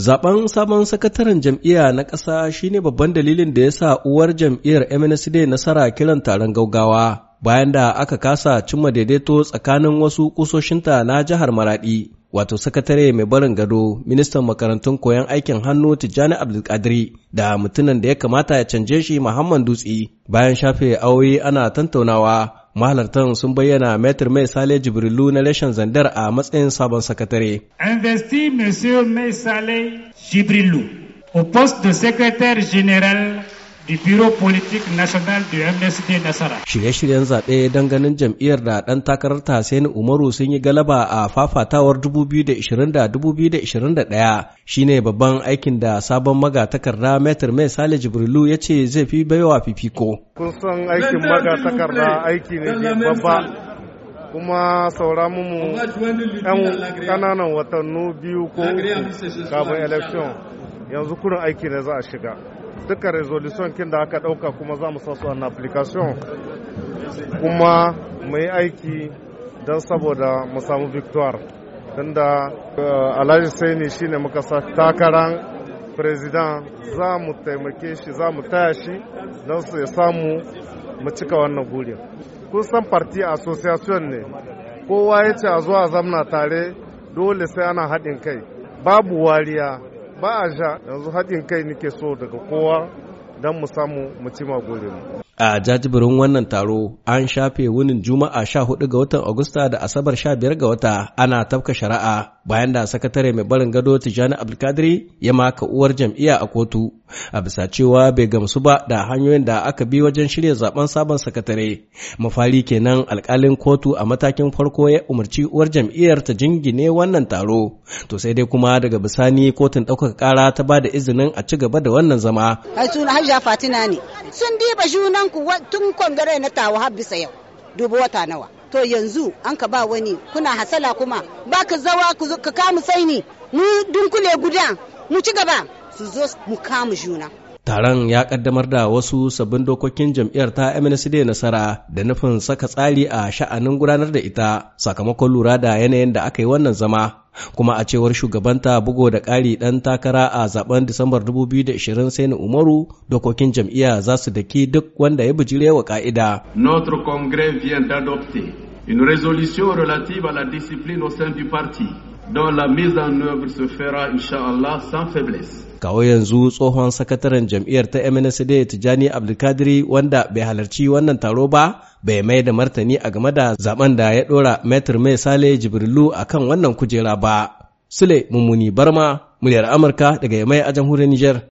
Zaben sabon sakataren jam'iyya na ƙasa shine babban dalilin da ya sa uwar jam'iyyar MNSD nasara kiran taron gaugawa bayan da aka kasa cimma daidaito tsakanin wasu kusoshinta na jihar Maradi. Wato sakatare mai barin gado, ministan makarantun koyon aikin hannu Tijjani Abdulkadiri da mutumin da ya kamata ya canje shi Muhammad Dutse bayan shafe aure ana tantaunawa mahalartan sun bayyana metir mai sale jibrilu na reshen zandar a matsayin sabon sakatare investi monsieur mai sale jibrilu au poste de secrétaire général the Bureau politic National da MSD Nasara. Shirye-shiryen zaɓe don ganin jam'iyyar da ɗan takarar Hussein Umaru sun yi galaba a fafatawar 2020-2021 shine babban aikin da sabon magatakarda Metir Mai Sale Jibrilu ya ce zai fi baiwa fifiko. Kun san aikin magatakarda aiki ne babba kuma saura mu yan kananan watannu biyu ko uku kafin election yanzu kurin aiki ne za a shiga duka resolution kin da aka ɗauka kuma za mu sa su an application kuma mu aiki don saboda mu samu victoire don da eh, alhaji saini shine muka sa takarar president za mu taimake shi za mu taya shi don su ya samu mu cika wannan guri. kun san parti association ne kowa ya ce a zuwa zamna tare dole sai ana haɗin kai babu wariya ba a sha yanzu haɗin kai nake so daga kowa don mu samu mu ci mu. A jajibirin wannan taro an shafe wunin Juma'a 14 ga watan Agusta da Asabar 15 ga wata ana tafka shari'a bayan da sakatare mai barin gado Tijjani Abdulkadiri ya maka uwar jam'iyya a kotu a bisa cewa bai gamsu ba da hanyoyin da aka bi wajen shirya zaben sabon sakatare mafari kenan alkalin kotu a matakin farko ya umarci uwar jam'iyyar ta jingine wannan taro to sai dai kuma daga bisani kotun ɗaukaka ƙara ta ba da izinin a ci gaba da wannan zama Hajiya Fatina ne sun diba junan ku tun kongare na tawo har bisa yau dubu wata nawa to yanzu an ka ba wani kuna hasala kuma ba ka zawa ka kamu saini mu dunkule guda mu ci gaba su zo mu kamu juna taron ya kaddamar da wasu sabbin dokokin jam'iyyar ta mnsd nasara da nufin saka tsari a sha'anin gudanar da ita sakamakon lura da yanayin da aka yi wannan zama kuma a cewar shugabanta bugo da ƙari ɗan takara a zaben disambar 2020 sai umaru dokokin jam'iyya za su daki duk wanda ya bijire wa ƙa'ida. notre congrès vient d'adopter une résolution relative à la discipline au sein du parti dont la mise en œuvre se fera, inshallah sans faiblesse. Kawo yanzu tsohon sakataren jam'iyyar ta MNSD Tijjani Abdulkadiri wanda bai halarci wannan taro ba bai mai da martani a game da zaben da ya dora Metr Mai Sale Jibrilu akan wannan kujera ba. Sule Mummuni Barma, muryar Amurka daga Yamai a jamhuriyar Nijar.